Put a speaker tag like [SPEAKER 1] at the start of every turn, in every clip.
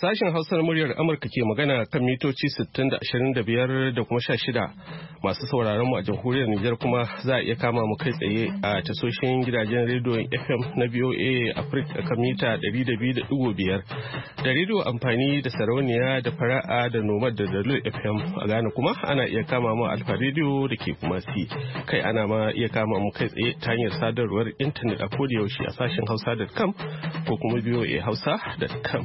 [SPEAKER 1] Sashen Hausar muryar Amurka ke magana kan mitoci 60 da kuma 16 masu sauraron mu a jamhuriyar Nijar kuma za a iya kama mu kai tsaye a tasoshin gidajen rediyon FM na BOA Africa kan mita 200.5 da rediyo amfani da sarauniya da fara'a da nomad da dalil FM a Ghana kuma ana iya kama mu alfa rediyo da ke kuma si kai ana ma iya kama mu kai tsaye ta hanyar sadarwar intanet a kodiyaushe a sashen hausa.com ko kuma BOA hausa.com.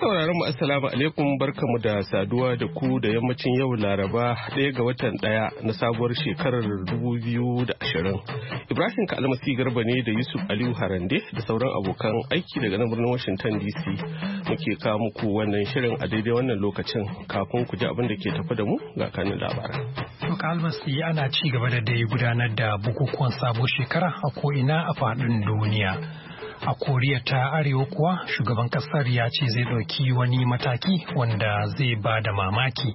[SPEAKER 1] sauraron mu assalamu alaikum barkamu da saduwa da ku da yammacin yau Laraba ɗaya ga watan ɗaya na sabuwar shekarar 2020. Ibrahim Kalmasi Garba ne da Yusuf Aliyu Harande da sauran abokan aiki daga nan birnin Washington DC muke kawo muku wannan shirin a daidai wannan lokacin kafin ku ji abin da ke tafi da mu ga kanin labaran.
[SPEAKER 2] Kalmasi ana ci gaba da dai gudanar da bukukuwan sabuwar shekara a ko ina a faɗin duniya. a koriya ta arewa kuwa shugaban kasar ya ce zai ɗauki wani mataki wanda zai ba da mamaki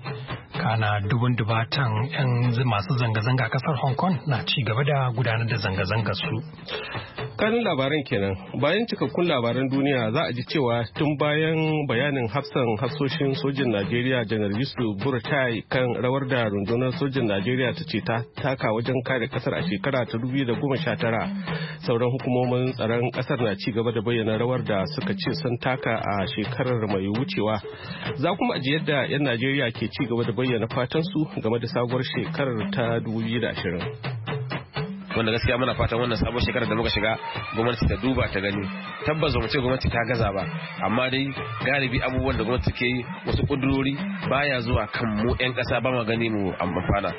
[SPEAKER 2] kana dubun dubatan 'yan masu zanga-zanga kasar hong kong na ci gaba da gudanar da zanga-zanga su
[SPEAKER 1] kanin labaran kenan bayan cikakkun labaran duniya za a ji cewa tun bayan bayanin hafsan hafsoshin sojin najeriya janar yusuf burtai kan rawar da rundunar sojin najeriya ta ce ta taka wajen kare kasar a shekara ta tara sauran hukumomin tsaron kasar na ci gaba da bayyana rawar da suka ce sun taka a shekarar mai wucewa za kuma ji yadda 'yan najeriya ke ci gaba da bayyana bayyana fatansu game da sabuwar shekarar ta 2020.
[SPEAKER 3] wanda gaskiya muna fatan wannan sabon shekarar da muka shiga gwamnati ta duba ta gani tabbas mu ce gwamnati ta gaza ba amma dai galibi abubuwan da gwamnati ke yi wasu kudurori baya zuwa kan mu yan kasa ba mu gani mu amfana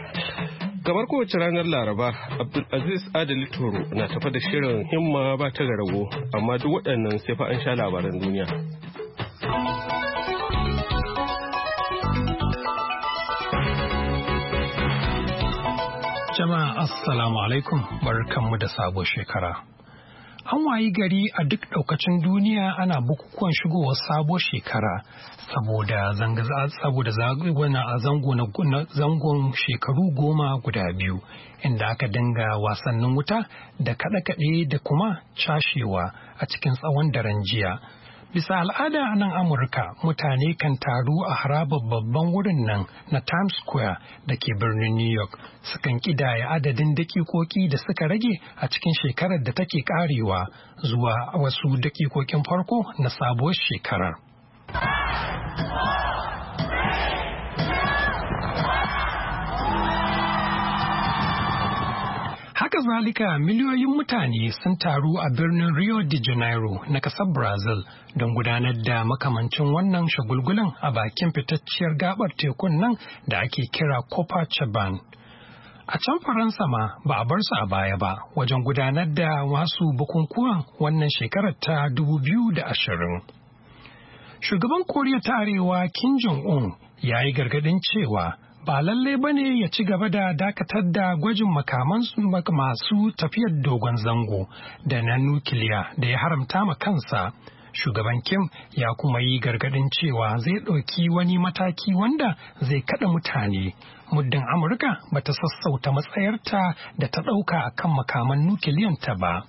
[SPEAKER 1] kamar kowace ranar laraba abdulaziz adali toro na tafa da shirin himma ba ta rago amma duk waɗannan sai fa an sha labaran duniya
[SPEAKER 2] Assalamu alaikum barkanmu da sabo shekara. An wayi gari a duk ɗaukacin duniya ana bukukuwan shigowar sabo shekara saboda saboda a zango zangon shekaru goma guda biyu inda aka dinga wasannin wuta da kaɗe-kaɗe da kuma cashewa a cikin tsawon daren jiya. Bisa al'ada a nan Amurka mutane kan taru a harabar babban wurin nan na Times Square da ke birnin New York sukan kidaya adadin dakikoki da suka rage a cikin shekarar da take karewa zuwa wasu dakikokin farko na sabuwar shekarar. Haka zalika miliyoyin mutane sun taru a birnin Rio de Janeiro na kasar Brazil don gudanar da makamancin wannan shagulgulan a bakin fitacciyar gabar tekun nan da ake kira Copacabana. A can Faransa ma ba a bar su a baya ba wajen gudanar da wasu bukunkuwan wannan shekarar ta 2020. Shugaban Koriya ta Arewa Kim Jong-un ya yi gargadin cewa ba lalle ba ne ya ci gaba da dakatar da gwajin makaman masu tafiyar dogon zango da na nukiliya da ya haramta ma kansa. Shugaban Kim ya kuma yi gargadin cewa zai ɗauki wani mataki wanda zai kada mutane. Muddin Amurka bata sassauta matsayarta da ta ɗauka kan makaman nukiliyanta ba.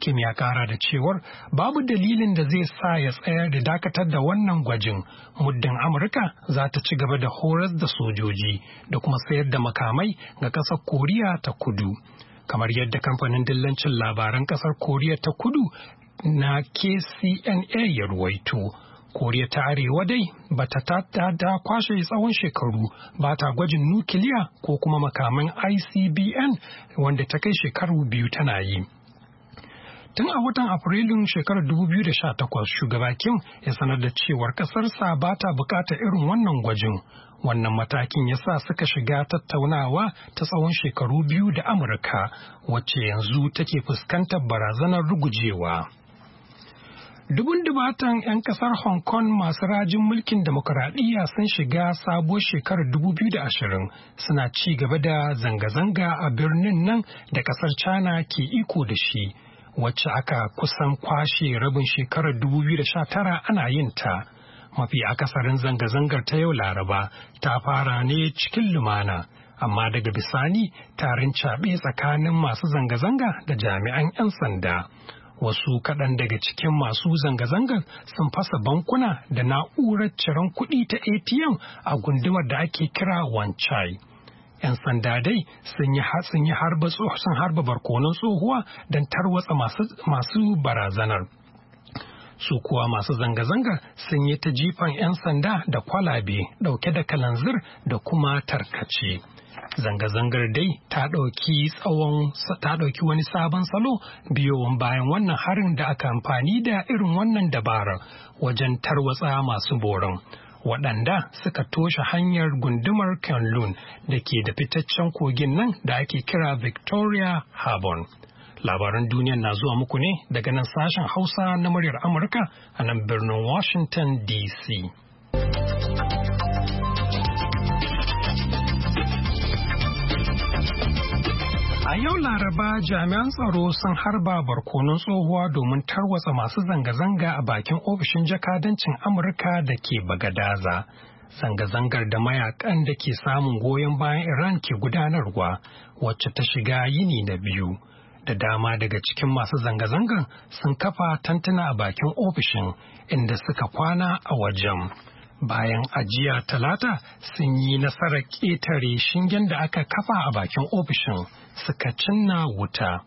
[SPEAKER 2] Kim ya kara da cewar babu dalilin da zai sa ya tsayar da dakatar da wannan gwajin muddin Amurka za ta ci gaba da horas da sojoji da kuma sayar da makamai ga ƙasar Koriya ta kudu. Kamar yadda kamfanin dillancin labaran ƙasar Koriya ta kudu na KCNA ya ruwaito. Koriya ta Arewa dai ba ta da kwashe tsawon shekaru ba ta gwajin nukiliya ko kuma makaman ICBN wanda ta kai shekaru biyu tana yi. Tun a watan Afrilun shekarar 2018 shugaba Kim ya sanar da cewar ƙasarsa ba ta bukata irin wannan gwajin. Wannan matakin ya sa suka shiga tattaunawa ta tsawon shekaru biyu da Amurka wacce yanzu take fuskantar barazanar rugujewa. Dubun dubatan 'yan kasar Hong Kong masu rajin mulkin demokuraɗiyya sun shiga sabuwar shekarar 2020 suna ci gaba da zanga-zanga a birnin nan da kasar China ke iko da shi. wacce aka kusan kwashe rabin shekarar 2019 ana yin ta. Mafi akasarin zanga-zangar ta yau Laraba ta fara ne cikin lumana, amma daga bisani tarin caɓe tsakanin masu zanga-zanga da jami'an 'yan sanda. Wasu kaɗan daga cikin masu zanga-zangar sun fasa bankuna da na'urar ciran kuɗi ta ATM a gundumar da ake kira Wanchai. 'yan sanda dai sun yi harba sun harba barkonon tsohuwa don tarwatsa masu barazanar su kuwa masu zanga-zangar sun yi ta jifan 'yan sanda da kwalabe dauke da kalanzir da kuma tarkace zanga-zangar dai ta ɗauki tsawon ta ɗauki wani sabon salo biyowan bayan wannan harin da aka amfani da irin wannan dabarar wajen tarwatsa masu boron waɗanda suka toshe hanyar gundumar kenlun da ke da fitaccen kogin nan da ake kira Victoria Harbour. Labaran duniya na zuwa muku ne daga nan sashen Hausa na muryar Amurka a nan birnin Washington DC. A yau Laraba jami'an tsaro sun harba barkonon tsohuwa domin tarwatsa masu zanga-zanga a bakin ofishin jakadancin Amurka da ke Bagadaza. Zanga-zangar da mayakan da ke samun goyon bayan Iran ke gudanarwa wacce ta shiga yini na biyu. Da dama daga cikin masu zanga-zangar sun kafa tantuna a bakin ofishin inda suka kwana a wajen. bayan ajiya talata sun yi nasarar ƙetare shingen da aka kafa a bakin ofishin suka cinna wuta.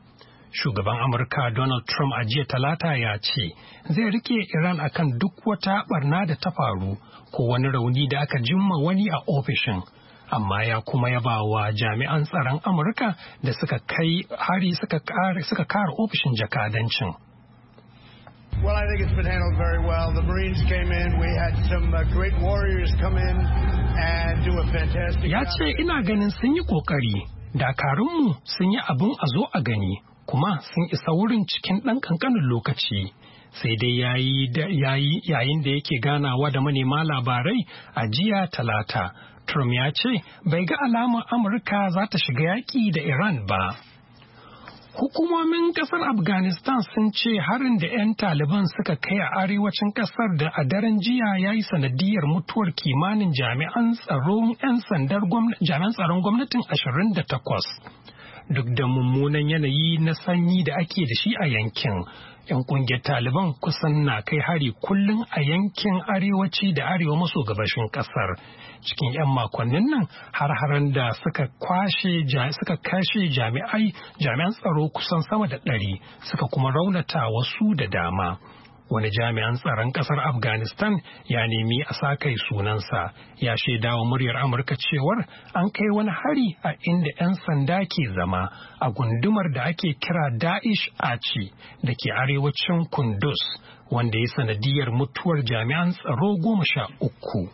[SPEAKER 2] Shugaban Amurka Donald Trump a jiya talata ya ce zai rike Iran akan duk wata barna da ta faru ko wani rauni da aka jimma wani a ofishin. Amma ya kuma yaba wa jami'an tsaron Amurka da suka kai hari suka kare ofishin jakadancin.
[SPEAKER 4] Well, I think it's been handled very well. The Marines came in. We had some uh, great warriors come in and do a fantastic Ya ce
[SPEAKER 2] ina ganin sun yi kokari. mu sun yi abin a zo a gani kuma sun isa wurin cikin ɗan ƙanƙanin lokaci. Sai dai yayin da yake ganawa da manema labarai a jiya talata. Trump ya ce bai ga alamar Amurka za ta shiga yaƙi da Iran ba. Hukumomin kasar Afghanistan sun ce harin da 'yan Taliban suka kai a arewacin kasar da a daren jiya ya yi sanadiyar mutuwar kimanin jami'an tsaron gwamnatin 28. duk da mummunan yanayi na sanyi da ake da shi a yankin. 'Yan kungiyar Taliban kusan na kai hari kullum a yankin arewaci da arewa maso gabashin kasar. Cikin 'yan makonnin nan har haran da suka kwashe suka kashe jami'ai jami'an tsaro kusan sama da ɗari suka kuma raunata wasu da dama. wani jami'an tsaron kasar afghanistan ya nemi a sa kai sunansa ya shaida wa muryar amurka cewar an kai wani hari a inda 'yan sanda ke zama a gundumar da ake kira da'ish aci da ke arewacin kundus wanda ya sanadiyar mutuwar jami'an tsaro goma sha uku.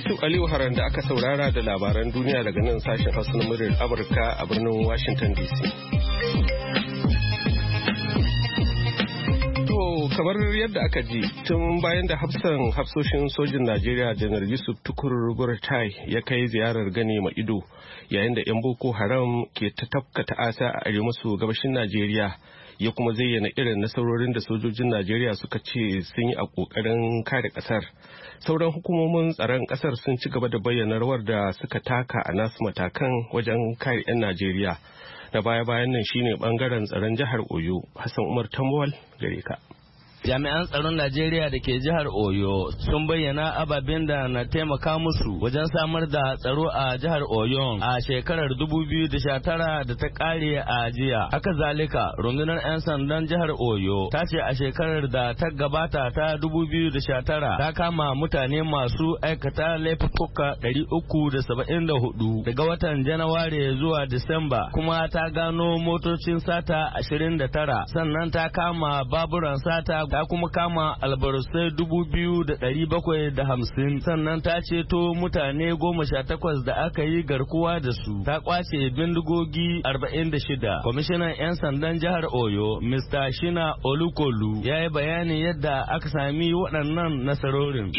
[SPEAKER 1] Yusuf Aliyu Haran da aka saurara da labaran duniya daga nan sashen Hausa na muryar Amurka a birnin Washington DC. To kamar yadda aka ji tun bayan da hafsan hafsoshin sojin Najeriya janar Yusuf Tukur Burtai ya kai ziyarar gani ma ido yayin da 'yan Boko Haram ke ta tafka ta'asa a arewa maso gabashin Najeriya. ya kuma zayyana irin nasarorin da sojojin najeriya suka ce sun yi a kokarin kare kasar sauran hukumomin tsaron kasar sun ci gaba da bayyana rawar da suka taka a nasu matakan wajen kare 'yan najeriya na baya-bayan nan shine bangaren tsaron jihar oyo hassan umar tambawal gare ka jami'an tsaron najeriya da ke jihar oyo sun bayyana
[SPEAKER 4] ababen da na taimaka musu wajen samar da tsaro a jihar oyo a shekarar 2019 da ta kare a jiya haka zalika rundunar 'yan sandan jihar oyo ta ce a shekarar da ta gabata ta 2019 ta kama mutane masu aikata laifuka 374 daga watan janaware zuwa disamba kuma ta gano motocin sata 29 sannan ta kama baburan sata ta kuma kama albarusai dubu biyu da ɗari bakwai da hamsin sannan ta ceto mutane goma sha takwas da aka yi garkuwa da su ta kwace bindigogi arba'in da shida kwamishinan 'yan sandan jihar oyo mr shina olukolu ya yi bayanin yadda aka sami waɗannan nasarorin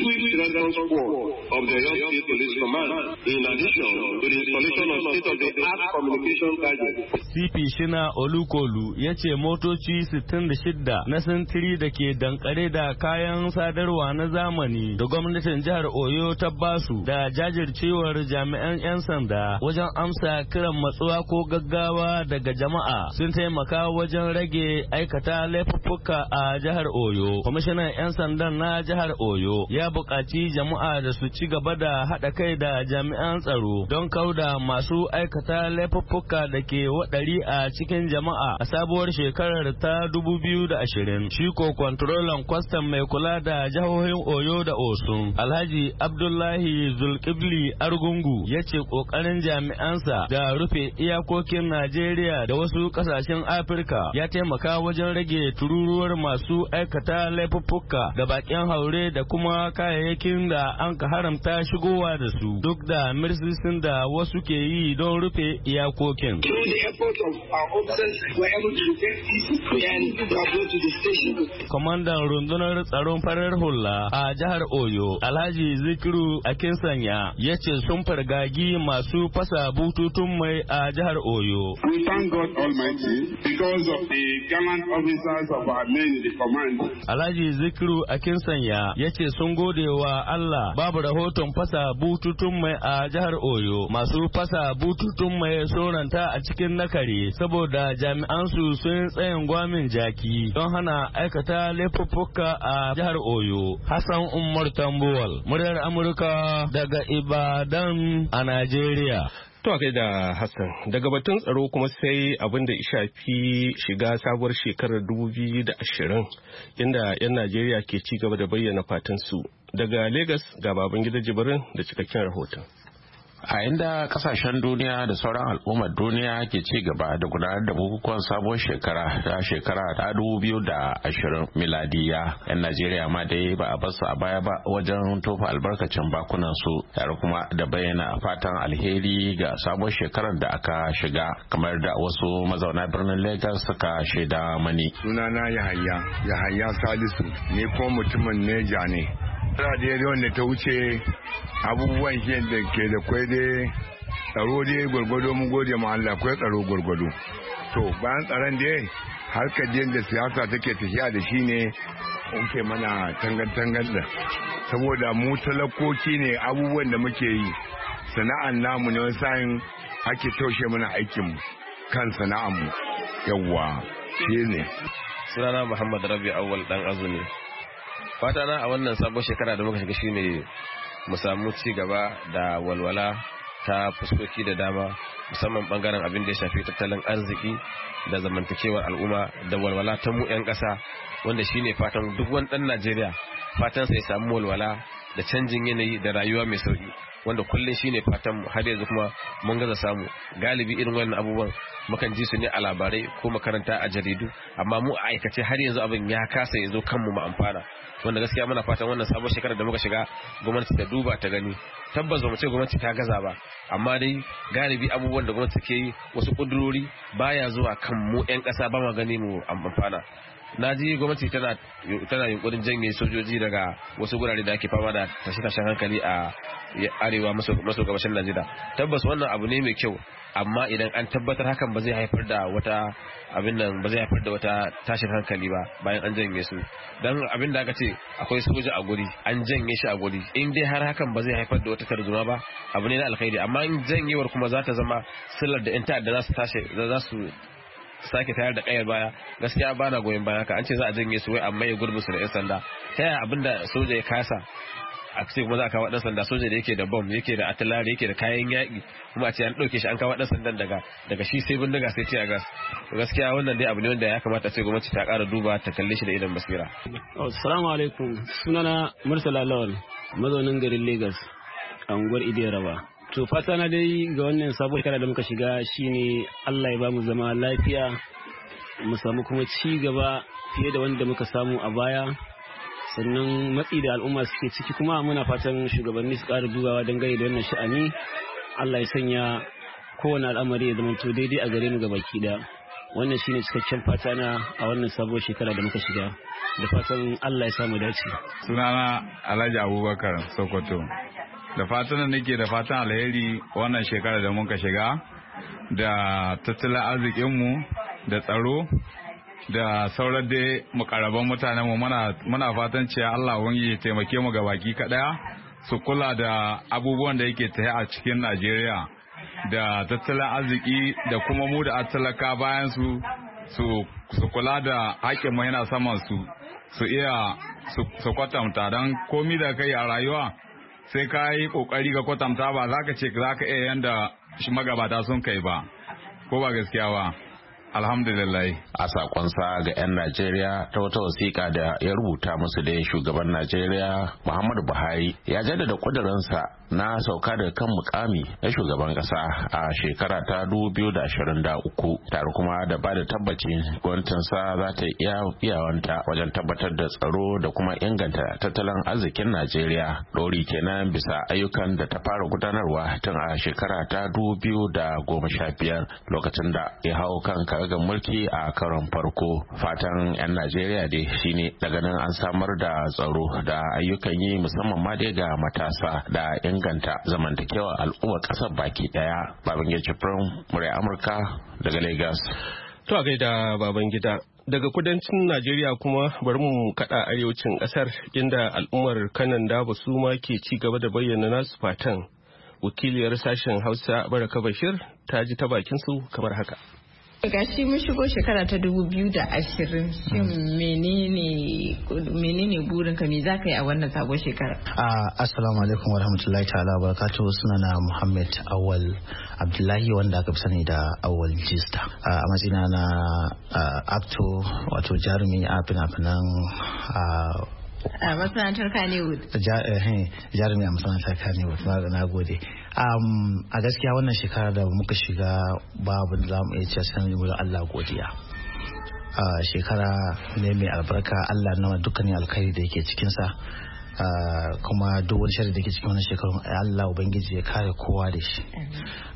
[SPEAKER 4] CP Shina Olukolu ya ce motoci 66 na sintiri da ke ke dankare da kayan sadarwa na zamani da gwamnatin jihar Oyo ta basu da jajircewar jami'an 'yan sanda wajen amsa kiran matsuwa ko gaggawa daga jama'a sun taimaka wajen rage aikata laifuffuka a jihar Oyo. Kwamishinan 'yan sandan na jihar Oyo ya buƙaci jama'a da su ci gaba da haɗa kai da jami'an tsaro don kauda masu aikata laifuffuka da ke waɗari a cikin jama'a a sabuwar shekarar ta 2020. Shi ko kontrolan kwastam mai kula da jihohin Oyo da Osun, Alhaji Abdullahi Zulkibli Argungu ya ce kokarin jami'ansa da rufe iyakokin Najeriya da wasu kasashen Afirka ya taimaka wajen rage tururuwar masu aikata laifuffuka da bakin haure da kuma kayayyakin da an ka haramta shigowa da su duk da mirsisin da wasu ke yi don rufe iyakokin. Through kwamandan rundunar tsaron farar hula a jihar Oyo, Alhaji Zikiru Sanya. ya ce sun fargagi masu fasa bututun mai a jihar Oyo.
[SPEAKER 5] We thank God Almighty because of the gallant officers of our men in the command.
[SPEAKER 4] Alhaji Zikiru Sanya. ya ce sun gode wa Allah babu rahoton fasa bututun mai a jihar Oyo. Masu fasa bututun mai soranta a cikin nakare saboda jami'ansu sun tsayin gwamin jaki don hana aikata na laifuffuka a jihar Oyo, Hassan Umar Tambuwal, muryar Amurka daga Ibadan a Najeriya. To kai da
[SPEAKER 1] Hassan, daga batun tsaro kuma sai abin da shafi shiga sabuwar shekarar da 2020 inda 'yan Najeriya ke ci gaba da bayyana su Daga Legas ga baban gida jibirin da cikakken rahoton.
[SPEAKER 6] a inda kasashen duniya da sauran al'ummar duniya ke ci gaba da gudanar da bukukuwan sabon shekara ta shekara ta ashirin miladiya yan najeriya ma dai ba a basu a baya ba wajen tofa albarkacin bakunan su tare kuma da bayyana fatan alheri ga sabon shekarar da aka shiga kamar da wasu mazauna birnin lagos suka shaida mani sunana
[SPEAKER 4] yahaya yahaya salisu ne ko mutumin neja ne radiyar wanda ta wuce abubuwan shi da ke da kwai dai tsaro dai gwargwado mu gode ma Allah kwai tsaro gwargwado to bayan tsaron dai harkar da siyasa take tafiya da shi ne ke mana tangan-tangan da saboda mu talakoki ne abubuwan da muke yi sana'an namu ne wani sa'in ake
[SPEAKER 3] taushe mana aikin kan sana'an mu
[SPEAKER 6] yawwa shi
[SPEAKER 3] ne sunana muhammad rabi awal dan azumi fata na a wannan sabon shekara da muka shiga ne mu samu ci gaba da walwala ta fuskoki da dama musamman bangaren abin da ya shafi tattalin arziki da zamantakewar al'umma da walwala ta mu 'yan ƙasa wanda shine fatan duk wani ɗan najeriya fatan sai samu walwala da canjin yanayi da rayuwa mai sauki wanda kullum shine fatan har yanzu kuma mun gaza samu galibi irin wannan abubuwan mukan ji su ne a labarai ko makaranta a jaridu amma mu a aikace har yanzu abin ya kasa ya zo kanmu mu amfana wanda gaskiya muna fatan wannan sabon shekarar da muka shiga gwamnati ta duba ta gani tabbas ba mu ce gwamnati ta gaza ba amma dai galibi abubuwan da gwamnati ke yi wasu kudurori baya zuwa kan mu yan kasa ba ma gani mu amfana na ji gwamnati tana yunkurin janye sojoji daga wasu gurare da ake fama da tashe tashin hankali a arewa maso gabashin Najeriya tabbas wannan abu ne mai kyau amma idan an tabbatar hakan ba zai haifar da wata abin nan ba zai haifar da wata tashin hankali ba bayan an janye su dan abin da aka ce akwai soja a guri an janye shi a guri in dai har hakan ba zai haifar da wata tarzoma ba abu ne na alkhairi amma in janyewar kuma za ta zama sillar da yan ta'adda za su tashi za su sake tayar da kayar baya gaskiya ba na goyon baya ka an ce za a janye su wai amma ya gurbin su da yan sanda ta yaya da soja ya kasa a ce kuma za a kawo dan sanda soja da yake da bom yake da atilari yake da kayan yaƙi kuma a ce an ɗauke shi an kawo dan sandan daga daga shi sai bindiga sai ce a gas gaskiya wannan dai abu ne wanda ya kamata ce gwamnati ta ƙara duba ta kalle shi da idan basira
[SPEAKER 7] oh, assalamu alaikum sunana mursala lawal mazaunin garin lagos a unguwar idiyaraba To fata na dai ga wannan sabon shekara da muka shiga shine Allah ya ba mu zama lafiya mu samu kuma ci gaba fiye da wanda muka samu a baya sannan matsi da al'umma suke ciki kuma muna fatan shugabanni su ƙara dubawa dangane da wannan sha'ani Allah ya sanya kowane al'amari ya zama daidai a gare mu ga baki da wannan shine cikakken fata na a wannan sabon shekara da muka shiga da fatan Allah ya samu dace
[SPEAKER 6] sunana Alhaji Abubakar Sokoto da fatan nake da fatan alheri wannan shekara da muka shiga da tattalin arzikinmu da tsaro da sauran da mutanen mutanenmu muna fatan cewa Allah wani ya taimake mu ga baki kaɗaya su kula da abubuwan da yake tafi a cikin Najeriya da tattalin arziki da kuma mu da talaka bayan su su kula da haƙƙin mai yana saman su su iya su kwatanta don komi da kai a rayuwa sai ka yi kokari ga kwatanta ba za ka ce za ka iya yanda magabata sun kai ba ko ba gaskiya ba Alhamdulillah. A sa ga 'yan Najeriya ta wata wasiƙa da ya rubuta musu da shugaban Najeriya Muhammadu Buhari ya jaddada ƙudurinsa na sauka da kan mukami na shugaban ƙasa a shekara ta 2023 tare kuma da ba da tabbacin sa za ta iya iyawanta wajen tabbatar da tsaro da kuma inganta tattalin arzikin Najeriya. Dori kenan bisa ayyukan da ta fara gudanarwa tun a shekara ta 2015 lokacin da ya hau kanka karagar mulki a karon farko fatan 'yan najeriya dai shine daga nan an samar da tsaro da ayyukan yi musamman ma dai ga matasa da inganta zamantakewa al'umma kasar baki daya babangida firin murya amurka daga lagos
[SPEAKER 1] to a gaida babangida daga kudancin najeriya kuma bari mu kada arewacin kasar inda al'ummar kanan da su ma ke ci gaba da bayyana nasu fatan wakiliyar sashen hausa baraka bashir ta ji ta bakin su kamar haka
[SPEAKER 8] shi mun shigo shekara ta dubu biyu da ashirin shin mm. menene burin me za ka yi a wannan sabon shekara
[SPEAKER 9] ah, assalamu alaikum wa rahmatullahi ta'ala barakatuhu suna na muhammad awal abdullahi wanda aka fi sani da awal jista ah, a matsina na ah, acto wato jarumi a fina-finan
[SPEAKER 8] a masana'antar
[SPEAKER 9] eh, Jarumi a masana'antar Kannywood na gode. Um, a gaskiya wannan shekara da muka shiga babu za mu iya cewa sanin wurin Allah godiya. shekara ne mai albarka Allah na dukkanin alkhairi da yake cikinsa. kuma duk wani shari da ke cikin wannan shekarun Allah Ubangiji ya kare kowa da shi.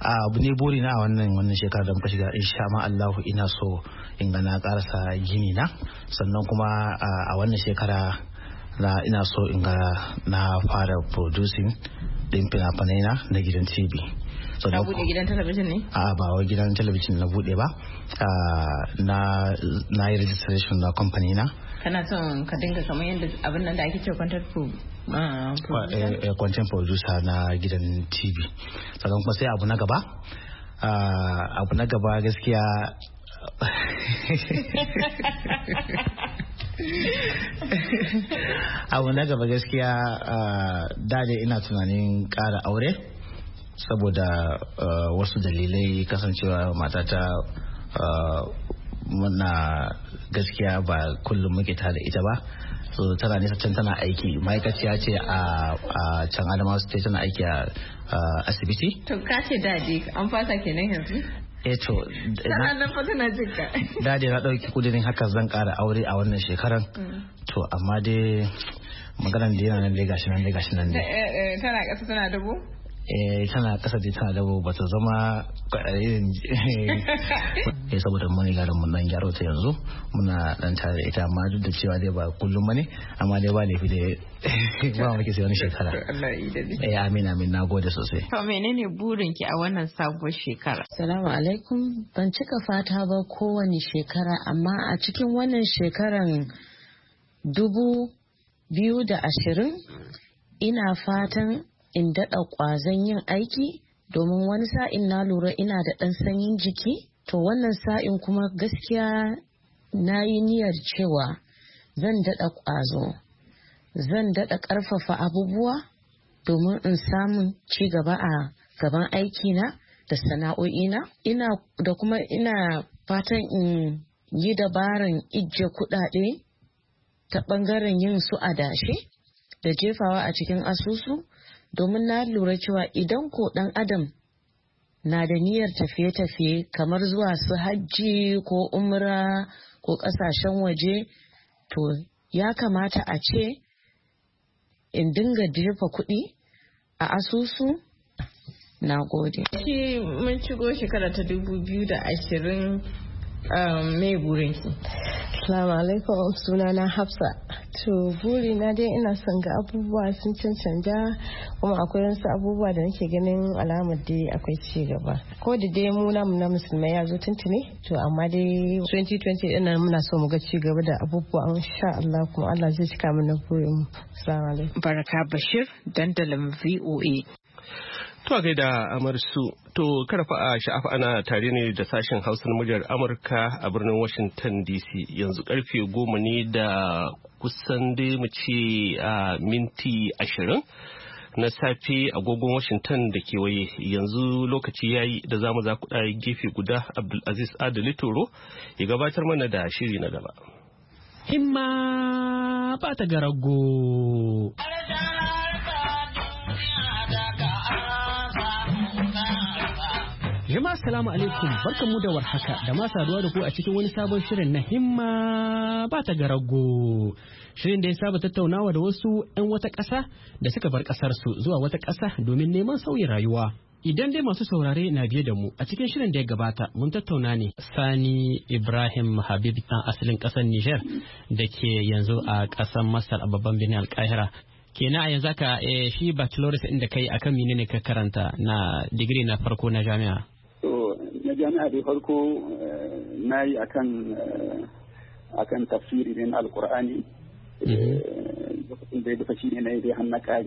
[SPEAKER 9] Abu ne buri na wannan wannan shekara da muka shiga insha ma Allahu ina so in gana karasa gini na sannan kuma a wannan shekara na ina so in ga na fara producing din fina-finai na na gidan tv so na bude
[SPEAKER 10] gidan talabijin ne
[SPEAKER 9] a ba wai gidan talabijin na bude ba ah, na na yi registration na company na
[SPEAKER 8] kana son ka dinga kamar yadda abin nan da ake cewa content
[SPEAKER 9] ah, producer eh, eh, content producer na gidan tv sannan kuma sai abu na gaba ah, abu na gaba gaskiya abu na gaba gaskiya dade ina tunanin kara aure saboda wasu dalilai kasancewa matata muna gaskiya ba kullum muke tare ita ba so tana nisa can tana aiki ma'aikaciya ce a can adamawa state tana aiki a asibiti
[SPEAKER 8] to ka ce daji an fasa kenan yanzu
[SPEAKER 9] eto eh sa'annan
[SPEAKER 8] fa tana
[SPEAKER 9] Da dai na dauki kudirin haka zan kara aure a wannan shekaran mm. to amma dai maganar da yana nan dai gashi nan dai gashi nan dai
[SPEAKER 10] eh, eh, tana kasa tana dubu
[SPEAKER 9] Eh, tana kasa da tana dabo ba ta zama irin ya eh, eh, saboda mun garin mun nan gyaro ta yanzu muna dan tare da ita amma duk da cewa dai ba kullum mani amma dai ba fi da ba mu sai wani shekara eh amin amin gode sosai
[SPEAKER 8] to menene burin ki a wannan sabuwar shekara assalamu alaikum ban cika fata ba kowane shekara amma a cikin wannan shekaran dubu biyu da ashirin ina fatan in daɗa ƙwazon yin aiki domin wani sa'in na lura ina da ɗan sanyin jiki to wannan sa'in kuma gaskiya na yi niyyar cewa zan daɗa ƙwazo zan daɗa ƙarfafa abubuwa domin in samun ci gaba a gaban aikina da sana'o'ina ina da kuma ina fatan in yi dabaran ijje kuɗaɗe ta ɓangaren yin su a dashe da jefawa a cikin asusu domin na lura cewa idan ko ɗan adam na da niyyar tafiye-tafiye kamar zuwa su hajji ko umra ko ƙasashen waje to ya kamata a ce in dinga jefa kuɗi a asusu na gode. Shi mun shigo shekara ta dubu biyu da ashirin mai um, burinki. Assalamu alaikum sunana Hafsa. To buri na dai ina son ga abubuwa sun cancanta kuma akwai wasu abubuwa da nake ganin alamar dai akwai ci gaba. Ko da dai mu namu na musulmai ya zo tuntune to amma dai 2020 nan muna so mu ga ci gaba da abubuwa insha Allah kuma Allah zai cika mana burin mu. Assalamu alaikum. Baraka Bashir dandalin VOA.
[SPEAKER 1] To a gaida Amarsu, to karfa a sha'afa ana tare ne da sashen hausar muryar Amurka a birnin Washington DC yanzu karfe goma ne da kusan dai mu ce a minti ashirin na safe agogon Washington da kewaye yanzu lokaci ya yi da zamu za ku gefe guda Abdulaziz Adali Toro ya gabatar mana da shiri na gaba.
[SPEAKER 7] Himma ba ta garago. Jama'a assalamu alaikum mu da warhaka da ma saduwa da ku a cikin wani sabon shirin na himma ba ta garago. Shirin da ya saba tattaunawa da wasu 'yan wata ƙasa da suka bar ƙasar su zuwa wata ƙasa domin neman sauyin rayuwa. Idan dai masu saurare na biye da mu a cikin shirin da ya gabata mun tattauna ne Sani Ibrahim Habib a asalin ƙasar Niger da ke yanzu a ƙasar Masar a babban birnin Alƙahira. kenan a yanzu ka eh, shi bachelor's inda kai akan menene ka karanta na digiri na farko na jami'a
[SPEAKER 5] مجانا دي خلقو ناي آه، اكن آه، اكن تفسير من القران دي بفشير ناي دي حنا كاي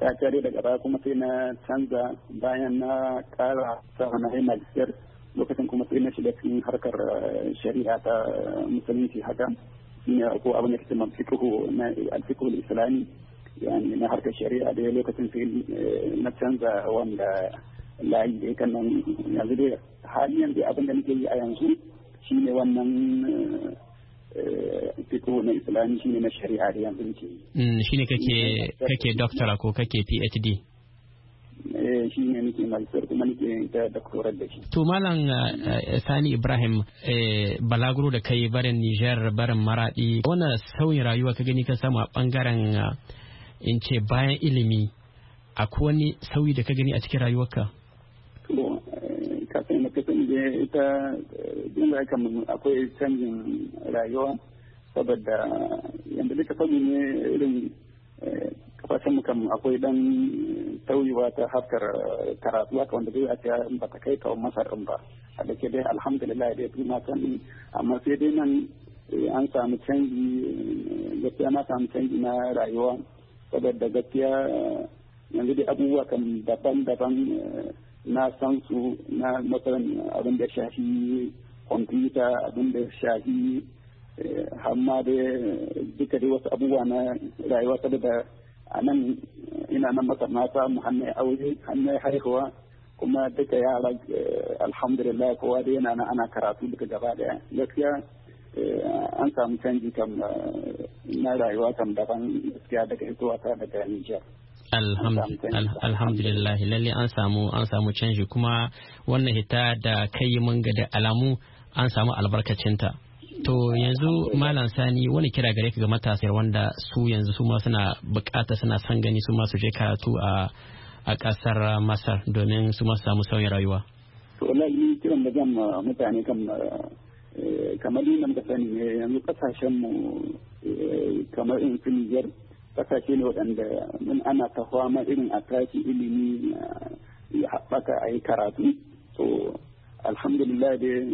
[SPEAKER 5] تاكاري دقا باكم فينا تنزا باينا قال سهنا هي مجدر لكن كما تقولنا شيء لكن حركة آه، شريعة مسلمين في حاجة من أبو أبو نكتم فكره الفكر الإسلامي يعني ما حركة شريعة دي لكن في نتنزا ومدى layi dai kan nan yanzu dai hali yanzu abin da nake yi a yanzu shine wannan eh, fito na islami shine na shari'a da yanzu nake yi
[SPEAKER 7] mm, shi kake kake doctora ko kake phd
[SPEAKER 5] eh, shi ne nake magister kuma nake ta doctoral
[SPEAKER 7] da shi. To Malam eh, Sani Ibrahim balaguro da kai barin Nijar barin Maradi wannan sauyin rayuwa ka gani ka samu a bangaren in ce bayan ilimi akwai wani sauyi da ka gani a cikin rayuwarka?
[SPEAKER 5] kafin na kafin da ita dinga eh, mun akwai canjin rayuwa saboda yanda duka sani ne irin eh, kasashen kam akwai dan eh, tauyewa ta haskar karatu haka wanda zai ake ba ta kai kawo masar ba a da ke dai alhamdulillah dai fi matan amma sai dai nan an samu canji gaskiya na samu canji na rayuwa saboda gaskiya yanzu dai abubuwa kan daban-daban na san su na matsalan abin da shafi kwamfuta abin da shafi eh, hamma da duka dai wasu abubuwa na rayuwa saboda a nan ina nan masar na samu hannun aure hannun haihuwa kuma duka yara eh, alhamdulillah kowa da yana nan ana karatu duka gaba daya gaskiya eh, an samu canji kan na rayuwa kan daban gaskiya daga ita wata daga Nijar.
[SPEAKER 7] alhamdulillah lalle an samu an samu canji kuma wannan hita da kai mun ga da alamu an samu albarkacinta to yanzu malam sani wani kira gare ka ga matasa wanda su yanzu su ma suna bukata suna san gani su ma su je karatu a a kasar masar domin su ma samu sauyin rayuwa
[SPEAKER 5] to wallahi kiran da zan mutane kan eh, kamar nan da sani yanzu kasashen mu eh, kamar in su kasashe ne waɗanda mun ana ta fama irin a tashi ilimi ya haɓaka a yi karatu to alhamdulillah dai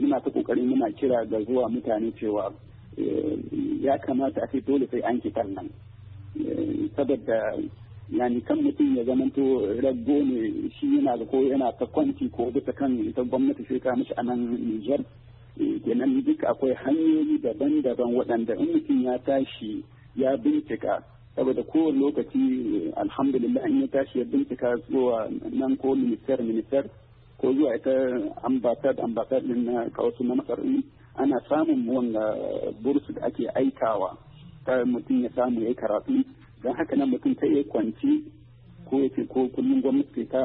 [SPEAKER 5] muna ta ƙoƙari muna kira ga zuwa mutane cewa eh, ya kamata a dole sai an kitar nan eh, saboda yani kan mutum ya zamanto raggo ne shi yana da ko yana ta kwanci ko bisa kan ita gwamnati sai ka mishi a nan Nijar eh, kenan duk akwai hanyoyi daban-daban waɗanda in mutum ya tashi ya bincika saboda kowane lokaci alhamdulillah in ya tashi ya bincika zuwa nan ko minister minister ko zuwa ita ambassad ambassad din na kawasu na masar ana samun wanda bursu da ake aikawa ta mutum ya samu ya yi karatu don haka nan mutum ta iya kwanci ko ya ko kullum gwamnati ta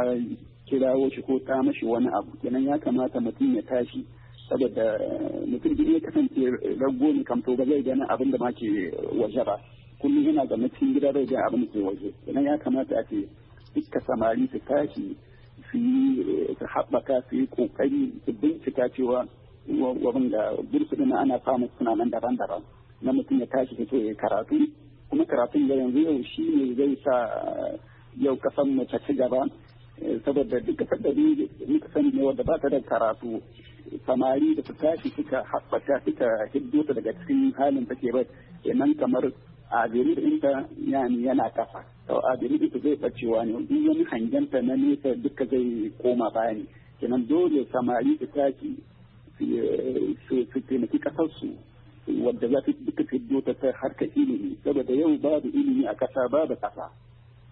[SPEAKER 5] kirawo shi ko ta mashi wani abu kenan ya kamata mutum ya tashi saboda eh, mutum duk ya kasance rago ne kamto ba zai gani abin da ke waje ba kullum yana da mutum gida bai gani abin da ke waje idan ya kamata a ce duka samari su tashi su eh, su haɓaka su yi su bincika cewa wabin da bursu ana samun suna nan daban-daban na mutum ya tashi fito ya karatu kuma karatun da yanzu yau shi ne zai sa eh, yau kasan mace ci gaba saboda duka sadari muka sani ne wanda ba ta da karatu samari da su tashi suka haɓata suka hiddo ta daga cikin halin take bai kenan kamar azimir inta yana kafa to azimir ita zai bacewa ne duk wani hangenta na nesa duka zai koma baya ne kenan dole samari da tashi su taimaki kasarsu wadda za ta duka fiddo ta harkar ilimi saboda yau babu ilimi a ƙasa babu ƙasa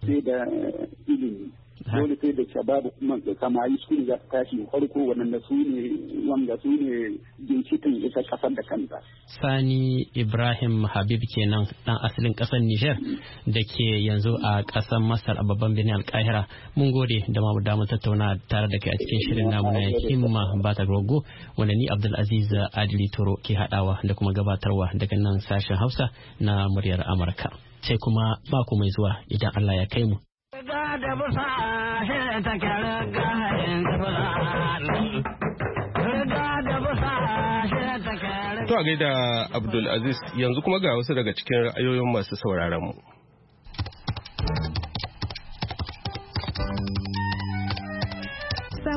[SPEAKER 5] sai da eh, ilimi dole sai da shababu kuma da yi su ne za su tashi farko waɗanda su ne wanda su ne ginshikin isa kasar da kanta.
[SPEAKER 7] Sani Ibrahim Habib kenan dan asalin ƙasar Nijar da ke yanzu a ƙasar Masar a babban birnin alkahira Mun gode da mu damar tattauna tare da kai a cikin shirin namu na himma ba ta rogo wanda ni Abdulaziz Adili Toro ke haɗawa da kuma gabatarwa daga nan sashen Hausa na muryar Amurka. Sai kuma mako mai zuwa idan Allah ya kai mu.
[SPEAKER 9] riga da busa shi
[SPEAKER 7] To a gaida
[SPEAKER 1] Abdul Aziz yanzu kuma ga wasu daga cikin ra'ayoyin masu sauraron mu.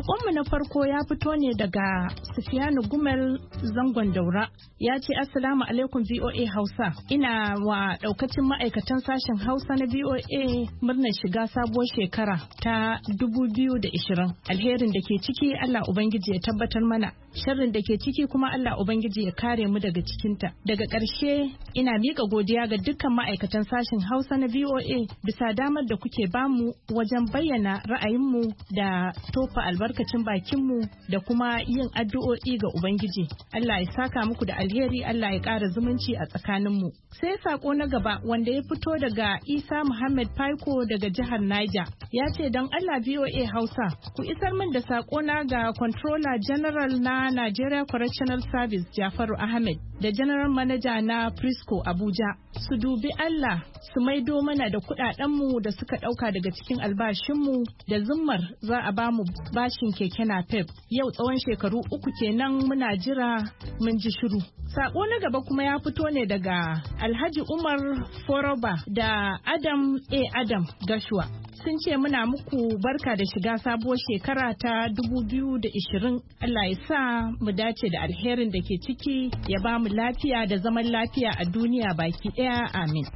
[SPEAKER 10] Sakonmu na farko ya fito ne daga Sufiyanu Gumel zangon daura ya ce Assalamu alaikum VOA Hausa. Ina wa daukacin ma'aikatan sashen Hausa na VOA murnar shiga sabuwar shekara ta 2020. Alherin da ke ciki Allah Ubangiji ya tabbatar mana. Sharrin da ke ciki kuma Allah Ubangiji ya kare mu daga cikinta. Daga ƙarshe ina miƙa godiya ga dukkan ma'aikatan sashen Hausa na VOA bisa damar da kuke bamu wajen bayyana ra'ayinmu da tofa albarka albarkacin bakinmu da kuma yin addu'o'i ga Ubangiji. Allah ya saka muku da alheri Allah ya ƙara zumunci a tsakaninmu. Sai sako na gaba wanda ya fito daga Isa Muhammad Paiko daga jihar Niger ya ce don Allah VOA Hausa ku isar min da sako na ga Controller General na Nigeria Correctional Service Jafaru Ahmed da General Manager na Prisco Abuja su dubi Allah su maido mana da kuɗaɗenmu da suka ɗauka daga cikin albashinmu da zummar za a bamu bashi tukin keke na napep yau tsawon shekaru uku kenan muna jira mun ji shiru sako na gaba kuma ya fito ne daga alhaji umar foroba da adam a adam gashua sun ce muna muku barka da shiga sabuwar shekara ta 2020 Allah ya sa mu dace da alherin da ke ciki ya ba mu lafiya da zaman lafiya a duniya baki daya amin.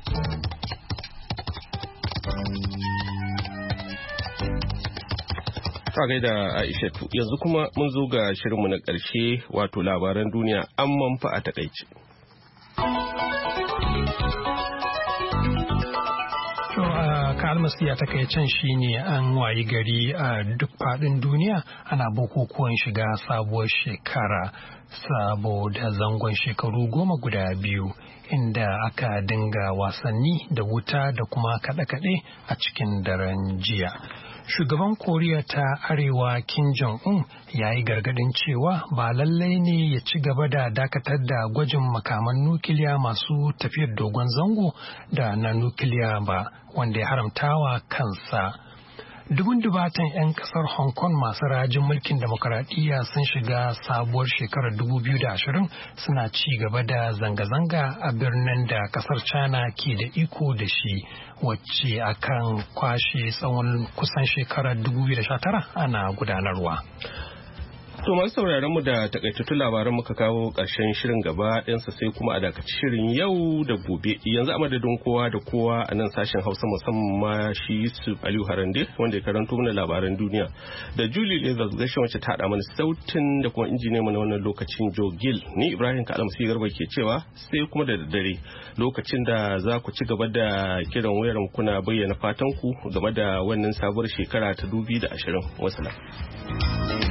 [SPEAKER 1] a da Aishatu yanzu kuma mun zo ga shirinmu na ƙarshe wato labaran duniya an manfa a takaice.
[SPEAKER 2] kalmasi can shi ne an wayi gari a duk faɗin duniya ana bukukuwan shiga sabuwar shekara saboda zangon shekaru goma guda biyu inda aka dinga wasanni da wuta da kuma kaɗe-kaɗe a cikin daren jiya. shugaban koriya ta arewa kim jong-un ya yi gargadin cewa ba lallai ne ya ci gaba da dakatar da gwajin makaman nukiliya masu tafiyar dogon zango da na nukiliya ba wanda ya haramtawa kansa. Dubun dubatan 'yan kasar Hong Kong masu rajin mulkin demokuraɗiyya sun shiga sabuwar shekarar 2020 suna ci gaba da zanga-zanga a birnin da kasar China ke da iko da shi wacce akan kwashe tsawon kusan shekarar 2019 ana gudanarwa.
[SPEAKER 1] To masu sauraron mu da takaitattu labaran muka kawo karshen shirin gaba sa sai kuma a dakaci shirin yau da gobe. Yanzu a madadin kowa da kowa a nan sashen Hausa musamman shi Yusuf Aliyu Harande wanda ya karanto mana labaran duniya. Da Julie Leather gashin wacce ta haɗa mana sautin da kuma injiniya mana wannan lokacin Joe Gill. Ni Ibrahim ka sai garba ke cewa sai kuma da daddare lokacin da za ku ci gaba da kiran wayar kuna bayyana fatan ku game da wannan sabuwar shekara ta 2020. Wasalam.